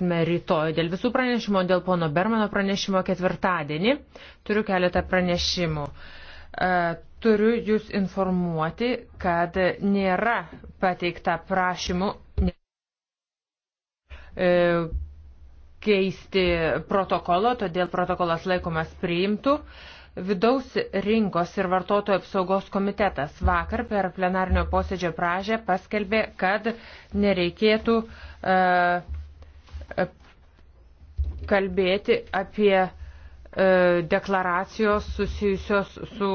balsuosime rytoj dėl visų pranešimų, dėl pono Bermano pranešimo ketvirtadienį. Turiu keletą pranešimų. E, turiu jūs informuoti, kad nėra pateikta prašymų e, keisti protokolo, todėl protokolas laikomas priimtų. Vidaus rinkos ir vartotojų apsaugos komitetas vakar per plenarnio posėdžio pražę paskelbė, kad nereikėtų uh, kalbėti apie e, deklaracijos susijusios su